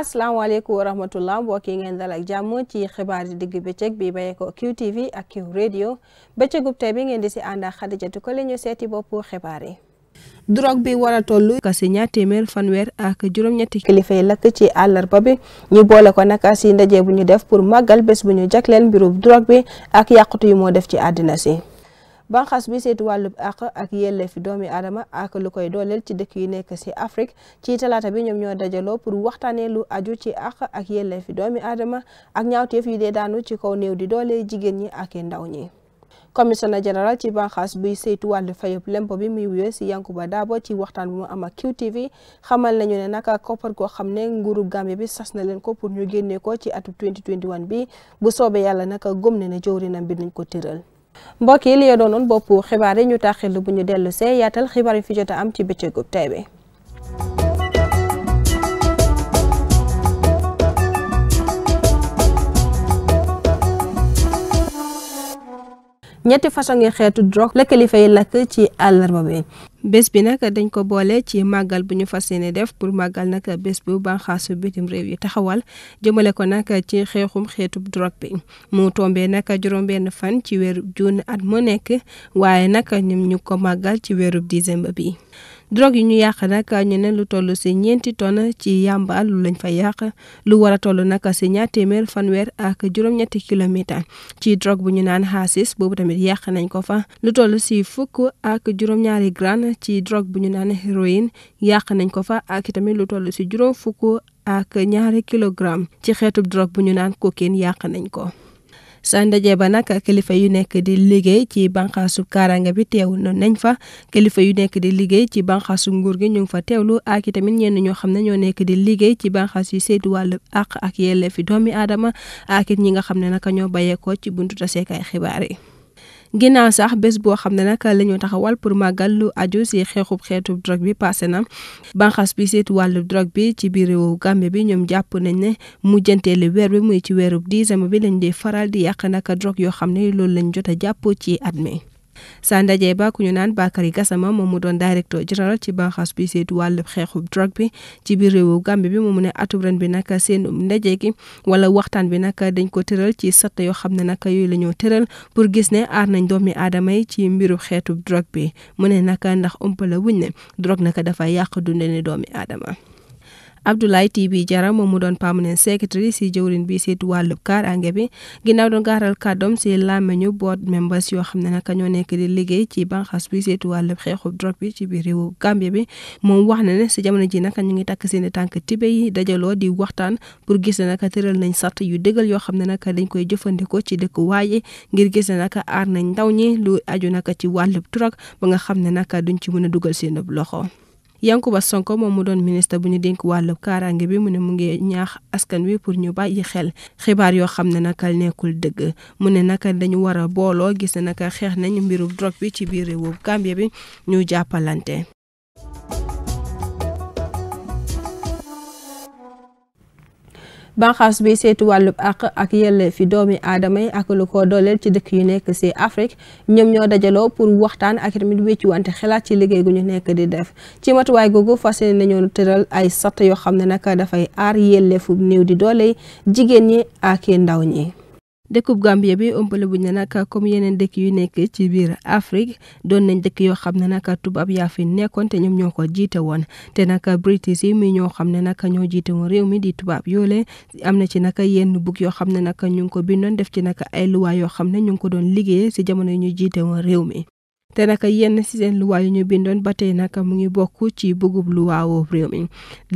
asalaamaaleykum wa rahmatullah mbokk yi ngeen dal ak jàmm ci xibaar yi digg bëccëg bi bàyyee ko QTV ak Q radio bëccëgub tey bi ngeen di si ànd ak Xadijatu ko la ñu seeti bopp xibaar yi. drogue bi war a toll kasi ñaar téeméer fanweer ak juróom-ñetti kilifa yi lakk ci àllarba bi ñu boole ko nag si ndaje bu ñu def pour màggal bés bu ñu jagleel mbirub drogue bi ak yàqutu yu moo def ci àddina si. banqaas bi seetu wàllub àq ak yelleefi doomi aadama ak lu koy dooleel ci dëkk yu nekk si Afrique ci talaata bi ñoom ñoo dajaloo pour waxtaanee lu aju ci àq ak yelleefi doomi aadama ak ñaawteef yi dee daanu ci kaw néew di doole jigéen ñi ak ndaw ñi. commissionnaire général ci banxaas buy saytu wàllu fayub lempo bi muy wuyoo si Yankuba Dabo ci waxtaan bu mu am ak QTV xamal nañu ne naka koppar goo xam ne nguurub Gambie bi sas na leen ko pour ñu génnee ko ci atum 2021 bi bu soobee yàlla naka gëm na ne jëwriñam bi nañ ko tëral. mbokk yi li doonoon boppu xibaar yi ñu taxil bu ñu dellu see yaatal xibaar yi fi jot a am ci bëccëgub tey bi ñetti façon yi xeetu drogue la kilifa yi lakk ci àllarba bi bés bi nag dañ ko boole ci màggal bu ñu fas yéene def pour màggal nag bés bu banxaasu bitim réew yi taxawal jëmale ko nag ci xeexum xeetub drogue bi mu tombee nag juróom-benn fan ci weerub juun at mu nekk waaye nag ñoom ñu ko màggal ci weerub décembre bi drogue yi ñu yàq nag ñu ne lu toll si ñeenti tonnes ci yàmba lu lañ fa yàq lu war a toll nag si ñaar téeméer fanweer ak juróom-ñetti kilomètre ci drogue bu ñu naan xaasis boobu tamit yàq nañ ko fa lu toll si fukk ak juróom-ñaari ci drogue bu ñu naan héroïne yàq nañ ko fa ak tamit lu toll si juróom fukk ak ñaari kilogramme ci xeetu drogue bu ñu naan cocaïne yàq nañ ko. sa ndaje ba nag kilifa yu nekk di liggéey ci bànqaasu kaaraange bi teewul teew nañ fa kilifa yu nekk di liggéey ci bànqaasu nguur gi ñu ngi fa teewlu ak i tamit ñenn ñoo xam ne ñoo nekk di liggéey ci bànqaas yu saytu wàllu àq ak yelleefi doomi aadama ak ñi nga xam ne naka ñoo bàyyeekoo ci buntu taseekaay xibaar yi ginnaaw sax bés boo xam ne nag la ñu taxawal pour màggal lu aju si xeexub xeetu drogue bi passé na banqaas bi seet wàllu drogue bi ci biir réewu Gambie bi ñoom jàpp nañ ne mujjanteelu weer bi muy ci weerub décembre bi lañ dee faral di yàq naka drogue yoo xam ne loolu lañ jot a jàpp ci at mi. sa ndaje ba ñu naan Bakary Gassama moom mu doon directeur général ci banxaas bi seetu wàllu xeexu drogue bi ci biir réewu Gambie bi moom mu ne atub bi nag seen ndaje gi wala waxtaan bi nag dañ ko tëral ci satt yoo xam ne nag yooyu la ñoo tëral pour gis ne aar nañ doomi aadama yi ci mbiru xeetu drogue bi mu ne nag ndax ëmpa la wuñ ne drogue nag dafa yàq ne doomi aadama Abdoulaye Tibi Jara moom mu doon ne permanent secretary si jëwrin bi seet wàllub kaaraange bi ginnaaw doon gaaral kàddoom si làmmeñu board members yoo xam ne naka ñoo nekk di liggéey ci banxas bi seetu wàllub xeexub drog bi ci biir réewu Gambie bi moom wax na ne si jamono ji naka ñu ngi takk seeni tànk tibe yi dajaloo di waxtaan pour gis ne naka tëral nañ sart yu dëggal yoo xam ne naka dañ koy jëfandikoo ci dëkk waaye ngir gis ne naka aar nañ ndaw ñi lu aju naka ci wàllub drog ba nga xam ne naka duñ ci mën a dugal seen loxo Yankuba Sonko moom mu doon ministre bu ñu dénk wàllu kaaraange bi mu ne mu ngi ñaax askan wi pour ñu bàyyi xel xibaar yoo xam ne naka nekkul dëgg mu ne naka dañu war a booloo gis ne naka xeex nañu mbiru drogue bi ci biir réewu Gambie bi ñu jàppalante. banqaas bi seetu wàllub àq ak yelle fi doomi aadama yi ak lu ko dooleel ci dëkk yu nekk si Afrique ñoom ñoo dajaloo pour waxtaan ak tamit wéccu wante xalaat ci liggéey gu ñu nekk di def ci matuwaay googu fas yéene nañoo tëral ay sat yoo xam ne nag dafay aar yelleefu néew di doole jigéen ñi ak ndaw ñi. dëkkub Gambia bi ëmpale buñ ne nag comme yeneen dëkk yu nekke ci biir Afrique doon nañ dëkk yoo xam ne nag tubaab yaa fi nekkoon te ñoom ñoo ko jiite woon te nag British yi mi ñoo xam ne nag ñoo jiite woon réew mi di tubaab yoole am na ci nag yenn bug yoo xam ne nag ñu ngi ko bindoon def ci nag ay luwaa yoo xam ne ñu ngi ko doon liggéeyee si jamono yi ñu jiite woon réew mi te naka yenn ci seen luwaa yu ñu bindoon ba tey naka mu ngi bokk ci bugub luwaawoo réew mi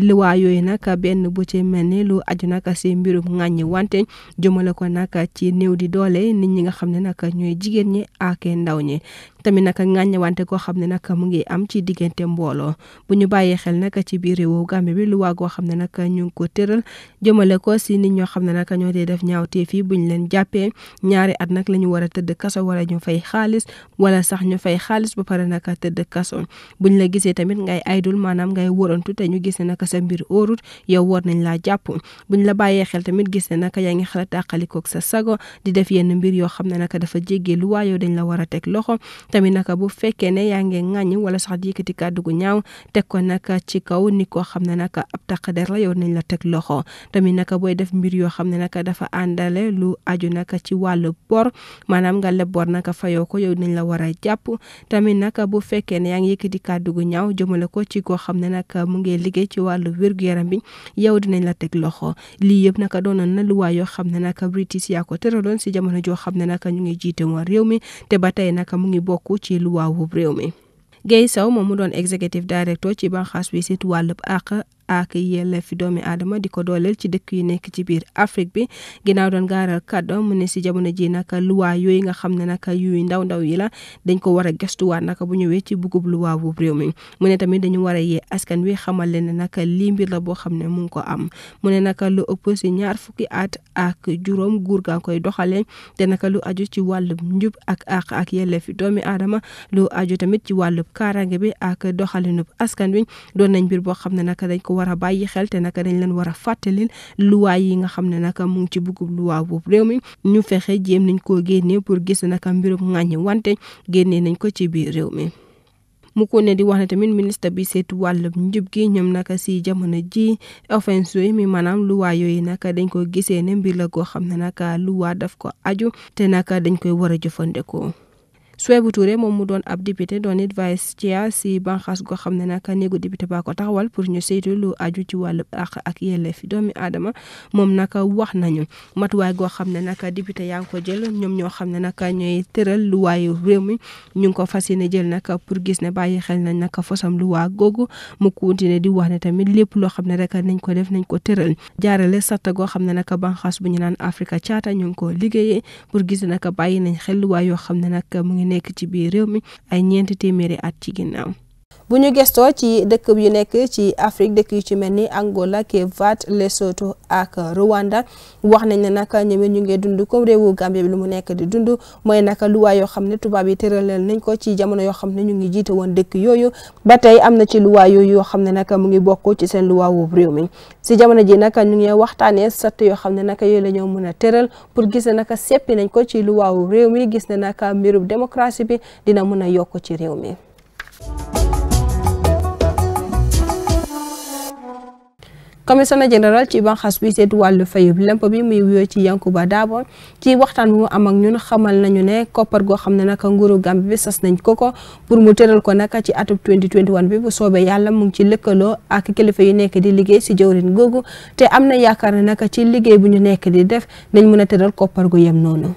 luwaa yooyu naka benn bu ci mel ni lu aju naka ci mbirum ŋàññi wante jëmale ko naka ci néew di doole nit ñi nga xam ne naka ñooy jigéen ñi ak ndaw ñi tamit nag ŋàññewante goo xam ne nag mu ngi am ci diggante mbooloo bu ñu bàyyee xel nag ci biir réewu Gambie bi lu waa goo xam ne nag ñu ngi ko tëral jëmale ko si ni ñoo xam ne nag ñoo dee def ñaawteef yi buñ leen jàppee ñaari at nag la ñu war a tëdd kaso wala ñu fay xaalis wala sax ñu fay xaalis ba pare nag tëdd kaso buñ la gisee tamit ngay aydul maanaam ngay warantu te ñu gis ne naka sa mbir óorut yow war nañ laa jàpp ñu la bàyyee xel tamit gis ne naka yaa ngi xalaat àqalikoog sa sago di def yenn mbir yoo xam ne naka dafa jéggee lu waayoo dañ la war a teg loxo tamit naka boo fekkee ne yaa ngi ŋàññ wala sax di yëkkati kàddu gu ñaaw teg ko naka ci kaw ni koo xam ne naka ab taq der la yow nañ la teg loxo tamit naka booy def mbir yoo xam ne naka dafa àndale lu aju naka ci wàllu bor maanaam nga leb bor naka fayoo ko yow nañ la war a jàpp tamit naka bu fekkee ne yaa ngi yëkkati kàddu gu ñaaw jëmale ko ci koo xam ne naka mu ngi liggéey ci wàllu wér yaram bi yow dinañ la teg loxo lii yëpp naka doonoon na luwaa yoo xam ne naka British yaa ko tëraloon si jamono joo xam ne naka ñu ngi jiite woon réew mi naka mu ngi ku ci luwaawu réew mi Gaye Sow moom mu doon executive director ci banxaas bi sit wàllub àq ak yelleefi doomi aadama di ko dooleel ci dëkk yi nekk ci biir Afrique bi ginnaaw doon gaaral kàddo mu ne si jamono ji naka luwaa yooyu nga xam ne naka yuy ndaw ndaw yi la dañ ko war a gestuwaat naka bu ñëwee ci bugub luwaa bu réew mi mu ne tamit dañu war a yee askan wi xamal leen ne naka lii mbir la boo xam ne mu ngi ko am mu ne naka lu ëpp si ñaar fukki at ak juróom guur gaa koy doxalee te naka lu aju ci wàllub njub ak àq ak yelleefi doomi aadama lu aju tamit ci wàllub kaarange bi ak doxalinub askan wi doon nañ mbir boo xam ne naka dañ ko ko war a bàyyi xel te naka dañ leen war a fàttalil luwaay yi nga xam ne naka mu ngi ci bugub luwaa boobu réew mi ñu fexe jéem nañ koo génnee pour gis naka mbirum ŋàññi wante génnee nañ ko ci biir réew mi mu ko ne di wax ne tamit ministre bi seetu wàllub njub gi ñoom naka si jamono ji offense yooyu mi maanaam luwaa yooyu naka dañ ko gisee ne mbir la goo xam ne naka luwaa daf ko aju te naka dañ koy war a jëfandikoo Souaibou Touré moom mu doon ab député doon it vice chair si banxaas goo xam ne nag néegu député baa ko taxawal pour ñu saytu lu aju ci wàllu àq ak yelleef doomi aadama moom nag wax nañu matuwaay goo xam ne nag député yaa ngi ko jël ñoom ñoo xam ne nag ñooy tëral luwaayu réew mi ñu ngi ko fas yéene jël nag pour gis ne bàyyi xel nañ nag fosam luwaa googu mu continuer di wax ne tamit lépp loo xam ne rek nañ ko def nañ ko tëral jaarale sarta goo xam ne nag banxaas bu ñu naan Africa Charter ñu ngi ko liggéeyee pour gis ne nañ xel xam ne nag mu ngi nekk ci biir réew mi ay ñeenti téeméeri at ci ginnaaw bu ñu gestoo ci dëkk yu nekk ci Afrique dëkk yu ci mel ni Angola Cap-Vert Lesotho ak Rwanda wax nañ ne nag ñoom ñu ngi dund comme réewu Gambie lu mu nekk di dund mooy naka luwaa yoo xam ne tubaab yi tëralal nañ ko ci jamono yoo xam ne ñu ngi jiite woon dëkk yooyu ba tey am na ci luwaa yooyu yoo xam ne nag mu ngi bokk ci seen luwaa wu réew mi si jamono ji nag ñu ngi waxtaanee sart yoo xam ne nag yooyu la ñoo mën a tëral pour gis nag seppi nañ ko ci luwaa wu réew mi gis ne nag mbirub démocratie bi dina mën a yokk ci réew mi commissionnaire général ci banxas bi seetu wàllu fayub lemp bi muy wuyoo ci ba Daabo ci waxtaan bu mu am ak ñun xamal nañu ne koppar goo xam ne naka nguuru Gambie bi sas nañ ko ko pour mu tëral ko naka ci atub 2021 bi bu soobee yàlla mu ngi ci lëkkaloo ak kilifa yu nekk di liggéey si jawrin googu te am na yaakaar ne naka ci liggéey bu ñu nekk di def nañ mën a tëral koppar gu yem noonu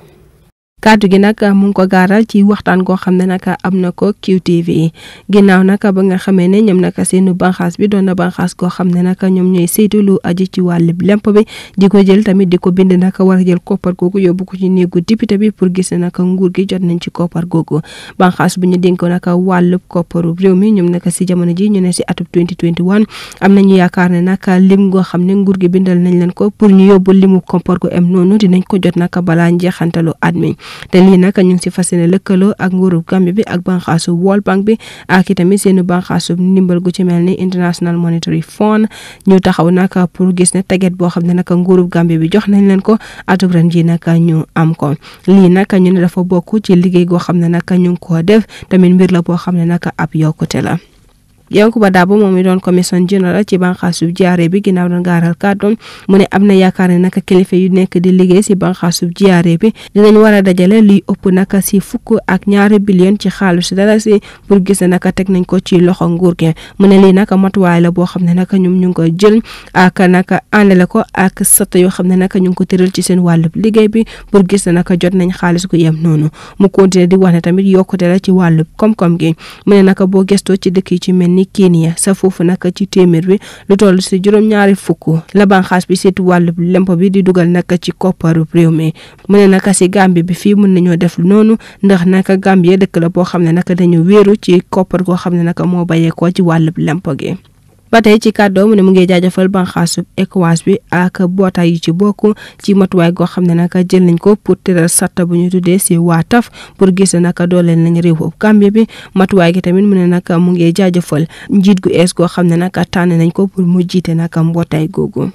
kàddu gi nag mu ngi ko gaaral ci waxtaan goo xam ne nag am na ko QTV ginnaaw nag ba nga xamee ne ñoom nag seenu banxaas bi doon na banxaas goo xam ne nag ñoom ñooy saytu lu aji ci wàllu lemp bi di ko jël tamit di ko bind nag war a jël koppar googu yóbbu ko ci néegu député bi pour gis ne nag nguur gi jot nañ ci koppar googu banxaas bu ñu dénk nag wàllub kopparu réew mi ñoom nag si jamono ji ñu ne si atub 2021 am nañu yaakaar ne nag lim goo xam ne nguur gi bindal nañ leen ko pour ñu yóbbu limu koppar gu am noonu dinañ ko jot nag balaa njeexantalu at mi te lii nag ñu ngi si fas yéene lëkkaloo ak nguurub Gambie bi ak banxaasu World Bank bi ak itamit seenu banxaasu ndimbal gu ci mel ni International Monetary Fund ñu taxaw nag pour gis ne teget boo xam ne nag nguurub Gambie bi jox nañ leen ko atuk ren ji nag ñu am ko lii nag ñu ne dafa bokk ci liggéey goo xam ne nag ñu ngi ko def tamit mbir la boo xam ne nag ab yokkute la Yankuba Dabo moom mi doon commission général ci banxaasub GRA bi ginnaaw doon gaaral kàddoom mu ne am na yaakaar ne naka kilifa yu nekk di liggéey si banxaasub GRA bi dinañ war a dajale li ëpp naka si fukk ak ñaari billion ci xaalis dara si pour gis ne naka teg nañ ko ci loxo nguur gi mu ne lii naka matuwaay la boo xam ne naka ñoom ñu ngi ko jël ak naka àndale ko ak sata yoo xam ne naka ñu ngi ko tëral ci seen wàllub liggéey bi pour gis ne naka jot nañ xaalis ku yem noonu mu continué di wax tamit yokkute la ci wàllub koom-koom ni Kenya sa foofu nag ci téeméer bi lu toll si juróom-ñaari fukk la banxaas bi seetu wàllu lempo bi di dugal nag ci kopparu réew mi mu ne nag si Gambie bi fii mën nañoo def noonu ndax nag Gambie dëkk la boo xam ne nag dañu wéeru ci koppar goo xam ne nag moo bàyyeekoo ci wàllu lempo gi. ba tey ci kàddoo mu ne mu ngi jaajëfal banxaasu ECOWAS bi ak mbootaay yu ci bokk ci matuwaay goo xam ne naka jël nañ ko pour tëral satta bu ñu tuddee si waa taf pour gis ne naka dooleel nañ réewu Gambie bi matuwaay gi tamit mu ne naka mu ngi jaajëfal njiit gu ees goo xam ne naka tànn nañ ko pour mu jiite naka mbootaay googu.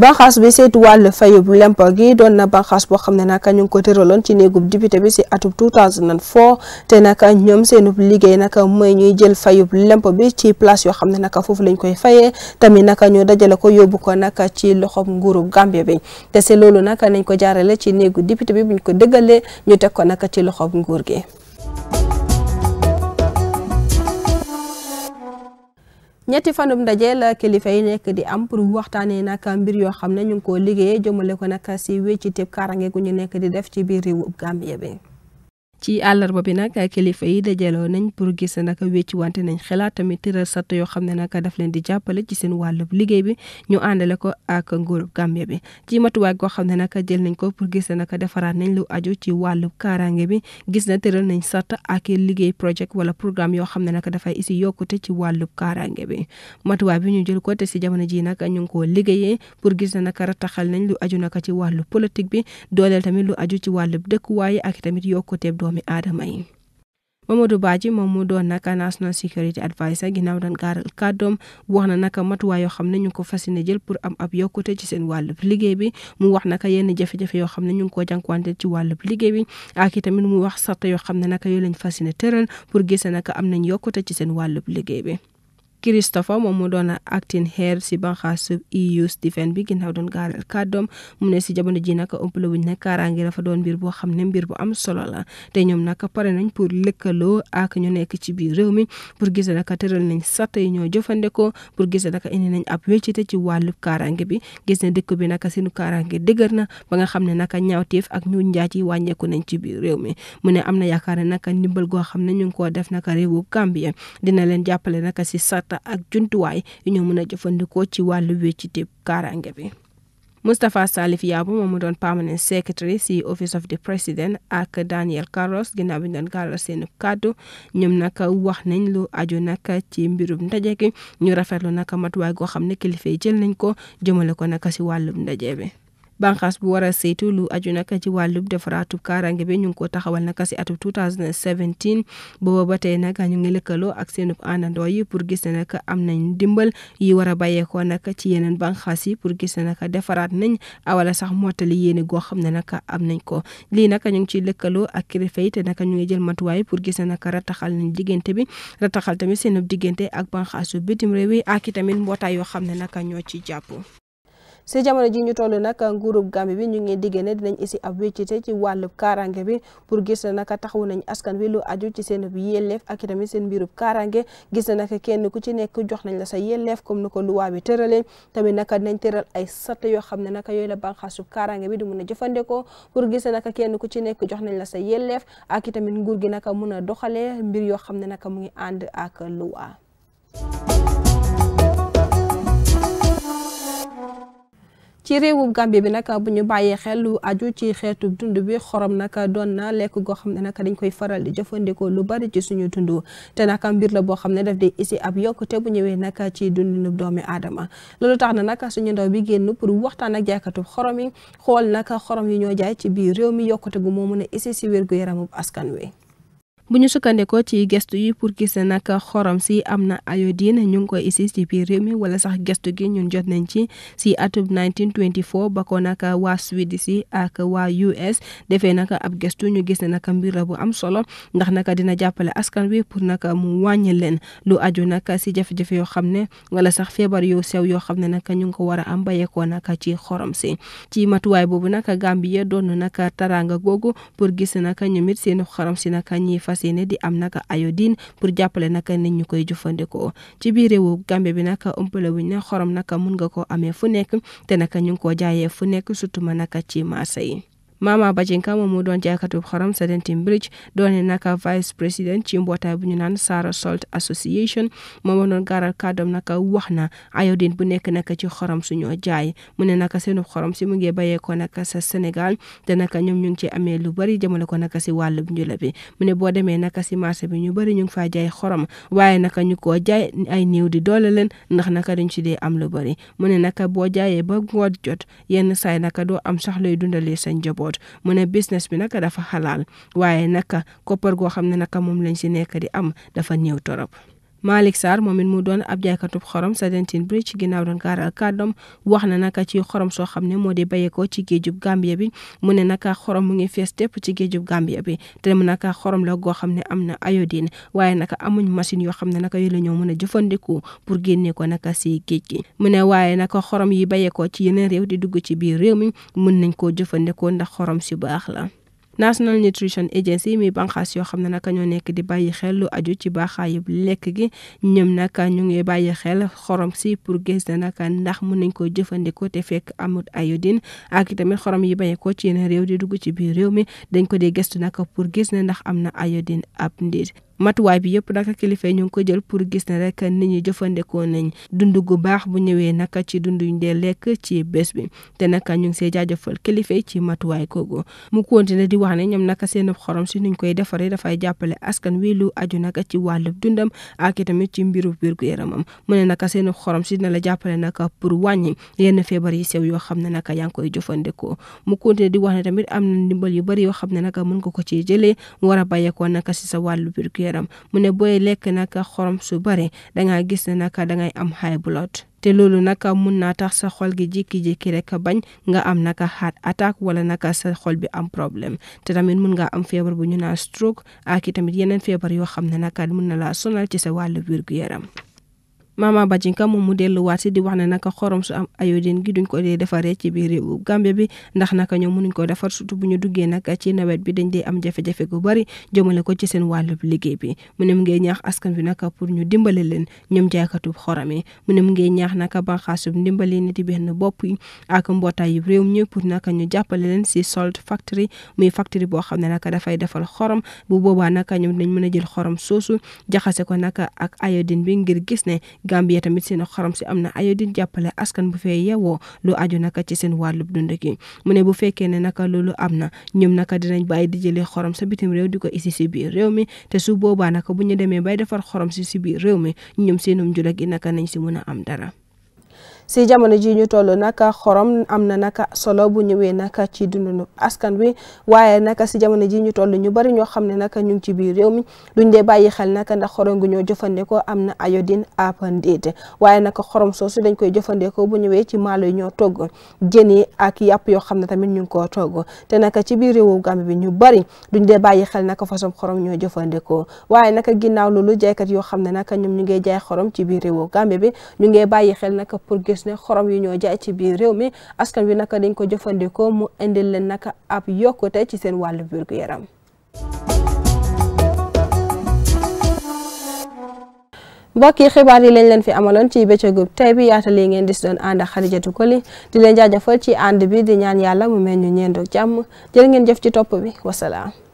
banxaas bi saytu wàll fayub lempo gi doon na banxaas boo xam ne nag ñu ngi ko tëraloon ci néegub député bi si atub 2004 te nag ñoom seenub liggéey nag mooy ñuy jël fayub lempo bi ci place yoo xam ne nag foofu lañ koy fayee tamit nag ñu dajale ko yóbbu ko nag ci loxob nguurub Gambie bi te se loolu nag nañ ko jaarale ci néegu député bi buñ ko dëggalee ñu teg ko nag ci loxob nguur gi ñetti fanum ndaje la kilifa yi nekk di am pour waxtaanee nag mbir yoo xam ne ñu ngi koo liggéeyee jëmale ko nag si wéccitib kaaraange gu ñu nekk di def ci biir réewub Gambia bi ci àllarba bi nag kilifa yi dajaloo nañ pour gis naka wecci wante nañ xalaat tamit tëral satt yoo xam ne naka daf leen di jàppale ci seen wàllub liggéey bi ñu àndale ko ak nguurub Gambie bi ci matuwaay goo xam ne naka jël nañ ko pour gis naka defaraat nañ lu aju ci wàllub kaaraange bi gis na tëral nañ satt ak liggéey projet wala programme yoo xam ne naka dafay isi yokkute ci wàllub kaaraange bi matuwaay bi ñu jël ko si jamono ji nag ñu ngi koo liggéeyee pour gis na rataxal nañ lu aju naka ci wàllu politique bi dooleel tamit lu aju ci wàllub dëkkuwaay ak tamit yokkute doomi aadama yi Mamadou Badji moom mu doon naka national security adviser ginnaaw daan gaaral doom wax na naka matuwaay yoo xam ne ñu ko fasine jël pour am ab yokkute ci seen wàllub liggéey bi mu wax naka yenn jafe-jafe yoo xam ne ñu ngi koo jànkuwante ci wàllub liggéey bi ak itamit mu wax sarta yoo xam ne naka yoo lañ fasine tëral pour gise naka am nañ yokkute ci seen wàllub liggéey bi Christopher moom mu doon acting head ci banxaasu EU's defense bi ginnaaw doon gaaral kàddoom mu ne ci jamono ji naka ëmpale wuñ ne kaaraange dafa doon mbir boo xam ne mbir bu am solo la te ñoom naka pare nañ pour lëkkaloo ak ñu nekk ci biir réew mi pour gise naka tëral nañ satt yi ñoo jëfandikoo pour gise naka indi nañ ab wéccite ci wàllu kaaraange bi gis ne dëkk bi naka seenu kaaraange dëgër na ba nga xam ne naka ñaawteef ak ñu njaaj yi wàññeeku nañ ci biir réew mi mu ne am na yaakaar ne naka ndimbal goo xam ne ñu ngi koo def naka réewu Gambia dina leen jàppale naka ci sat farata ak jumtuwaay yu ñu mën a jëfandikoo ci wàllu wéccite kaaraange bi Moustapha Salif Yabo moom mu doon permanent secretary si office of the president ak Daniel Carlos ginnaaw bi ñu doon gàllal seen kàddu ñoom nag wax nañ lu aju nag ci mbirum ndaje gi ñu rafetlu nag matuwaay goo xam ne kilifa yi jël nañ ko jëmale ko nag si wàllum ndaje bi. banxaas bu war a saytu lu aju nag ci wàllub defaraatub kaarange bi ñu ngi ko taxawal nag si atub 2017 booba ba tey nag ñu ngi lëkkaloo ak seenub àndandoo yi pour gis ne nag am nañ dimbal yi war a nag ci yeneen banxaas yi pour gis ne nag defaraat nañ wala sax mottali yéene goo xam ne nag am nañ ko lii nag ñu ngi ciy lëkkaloo ak kilifa yi te nag ñu ngi jël matuwaay pour gis ne nag rataxal nañ diggante bi rataxal tamit seenub diggante ak banxaasu bitim réew yi ak i tamit mbootaay yoo xam ne nag ñoo ci jàpp si jamono ji ñu toll nag nguurub Gambie bi ñu ngi di ne dinañ isi ab wéccite ci wàllub kaarange bi pour gis na naka taxawu nañ askan wi lu aju ci seen yelleef ak itamit seen mbirub kaarange gis na naka kenn ku ci nekk jox nañ la sa yelleef comme ni ko luwaa bi tëralee tamit naka dinañ tëral ay sat yoo xam ne naka yooyu la banxaasub kaarange bi di mun a jëfandikoo pour gis na kenn ku ci nekk jox nañ la sa yelleef ak itamit nguur gi naka mun a doxalee mbir yoo xam ne naka mu ngi ànd ak luwaa ci réewum Gambie bi nag bu ñu bàyyee xel lu aju ci xeetu dund bi xorom nag doon na lekk goo xam ne nag dañ koy faral di jëfandikoo lu bari ci suñu dund te nag mbir la boo xam ne daf di isi ab yokkute bu ñëwee nag ci dundinu doomi aadama loolu tax na nag suñu ndaw bi génn pour waxtaan ak jaaykatu xorom yi xool nag xorom yi ñoo jaay ci biir réew mi yokkute gu moo mën a isi si wér gu yaramu askan wi. bu ñu sukkandikoo ci gestu yi pour gis ne xorom si am na iodine ñu ngi koy isis ci biir réew mi wala sax gestu gi ñun jot nañ ci si atum 1924 ba ko nag waa Suède si ak waa US defee nag ab gestu ñu gis ne nag mbir la bu am solo ndax nag dina jàppale askan wi pour nag mu wàññi leen lu aju nag si jafe-jafe yoo xam ne wala sax feebar yu sew yoo xam ne nag ñu ngi ko war am bayeekoo nag ci xorom si ci matuwaay boobu nag Gambie doon nag taranga googu pour gis fas di am nag iodine pour jàppale nag nit ñu koy jëfandikoo ci biir réewu Gambie bi nag ëmpale wuñ ne xorom nag mun nga koo amee fu nekk te nag ñu ngi koo jaayee fu nekk surtout ma nag ci marché yi Mama Bajinka moom mu doon jaaykatub xorom Sedentim Bridge doone naka vice président ci mbootaay bu ñu naan Sara Salt Association moom doon gaaral kàddoom naka wax na din bu nekk naka ci xorom suñoo jaay mu ne naka seenu xorom si mu ngi bayeekoo naka sa Sénégal te naka ñoom ñu ngi ci amee lu bari jëmale ko naka si wàllu njula bi mu ne boo demee naka si marché bi ñu bari ñu ngi faa jaay xorom waaye naka ñu koo jaay ay néew di doole leen ndax naka dañ ci de am lu bari mu ne naka boo jaayee ba ngoot jot yenn say naka doo am sax looy dundalee sa njaboot njaboot mu ne business bi naka dafa xalaal waaye naka koppar goo xam ne naka moom lañ si nekk di am dafa néew torop Malick saar moom it mu doon ab jaaykatub xorom sa Denton Bridge ginnaaw doon gaaral kàddoom wax na naka ci xorom soo xam ne moo di bayeekoo ci géejub Gambia bi mu ne naka xorom mu ngi fees tepp ci géejub Gambia bi te mu naka xorom la goo xam ne am na ayo ayodine waaye naka amuñ machine yoo xam ne naka yooyu la ñoo mën a jëfandikoo pour génne ko naka si géej gi mu ne waaye naka xorom yi bayeekoo ci yeneen réew di dugg ci biir réew mi mun nañ koo jëfandikoo ndax xorom si baax la National Nutrition Agency mi banqaas yoo xam ne nag ñoo nekk di bàyyi xel lu aju ci baaxaayub lekk gi ñoom nag ñu ngi bàyyi xel xorom si pour gis ne nag ndax mun nañ ko jëfandikoo te fekk amut ayodine ak itamit xorom yi bàyyi ko ci yeneen réew di dugg ci biir réew mi dañ ko de gëstu nag pour gis ne ndax am na din ab ndiir matuwaay bi yëpp nag kilifa yi ñu ngi ko jël pour gis ne rek nit ñi jëfandikoo nañ dund gu baax bu ñëwee nag ci dund ñu dee lekk ci bés bi te nag ñu ngi see jaajëfal kilifa yi ci matuwaay koogu mu continué di wax ne ñoom nag seen xorom si nuñ koy defaree dafay jàppale askan wi lu aju nag ci wàllu dundam ak itamit ci mbiru wérgu yaramam mu ne nag seen xorom si dina la jàppale nag pour wàññi yenn feebar yi sew yoo xam ne nag yaa ngi koy jëfandikoo mu continué di wax ne tamit am ndimbal yu bari yoo xam ne nag mën nga ko ci jëlee war a bàyyeekoo nag si sa wàllu wérgu yaram mu ne booy lekk naka xorom su bare danga gis ne nag dangay am high blood te loolu naka mun naa tax sa xol gi jékki-jékki rek bañ nga am naka heart attack wala naka sa xol bi am problème te tamit mun ngaa am feebar bu ñu naa stroke ak i tamit yeneen feebar yoo xam ne naka mun na laa sonal ci sa wàllu wér gu yaram. Mama Bajinka moom mu delluwaat si di wax ne naka xorom su am ayodine gi duñ ko dee defaree ci biir réewu bi ndax naka ñoom mënuñ ko defar surtout bu ñu duggee ci nawet bi dañ dee am jafe gu bari jëmale ko ci seen wàllub liggéey bi mu ne mu ngee ñaax askan bi naka pour ñu dimbale leen ñoom jaaykatub xorom yi mu ne mu ngee ñaax naka banxaasub ndimbali nit yi benn bopp yi ak mbootaay réew ñi naka ñu jàppale leen si salt factory muy factory boo xam ne naka dafay defal xorom bu boobaa naka ñoom dañ mën a jël xorom soosu jaxase ko naka ak ayodine bi ngir gis ne Gambia tamit seen xaram si am na ayo di jàppale askan bu fee yewoo lu aju naka ci seen wàllub dund gi mu ne bu fekkee ne naka loolu am na ñoom naka dinañ bàyyi di jëlee xorom sa bitim rew di ko isi si biir réew mi te su boobaa naka bu ñu demee bay defar xorom si si biir réew mi ñoom seenum njula gi naka nañ si mën a am dara si jamono ji ñu toll naka xorom am na naka solo bu ñëwee naka ci nu askan wi waaye naka si jamono ji ñu toll ñu bari ñoo xam ne naka ñu ngi ci biir réew mi duñ dee bàyyi xel naka ndax xorom gu ñoo jëfandikoo am na ayodine apandite waaye naka xorom soosu dañ koy jëfandikoo bu ñëwee ci maalo yi ñoo togg jën yi ak yàpp yoo xam ne tamit ñu ngi koo togg te naka ci biir réewu Gambie bi ñu bari duñ dee bàyyi xel naka façon xorom ñoo jëfandikoo waaye naka ginnaaw loolu jaaykat yoo xam ne naka ñoom ñu ngi jaay xorom ci biir réewu Gambie bi ñu ngi bàyyi naka pour gis ne xorom yi ñoo jaay ci biir réew mi askan wi naka dañ ko jëfandikoo mu indil leen naka ab yokkute ci seen wàllu wérgu yaram mbokk yi xibaar yi lañ leen fi amaloon ci bëccëgub tey bi yaata lii ngeen dis doon ànd ak Xadijatu Koli di leen jaajëfal ci ànd bi di ñaan yàlla mu mel ñu ñeendoo jàmm jërë ngeen jëf ci topp bi wasalaam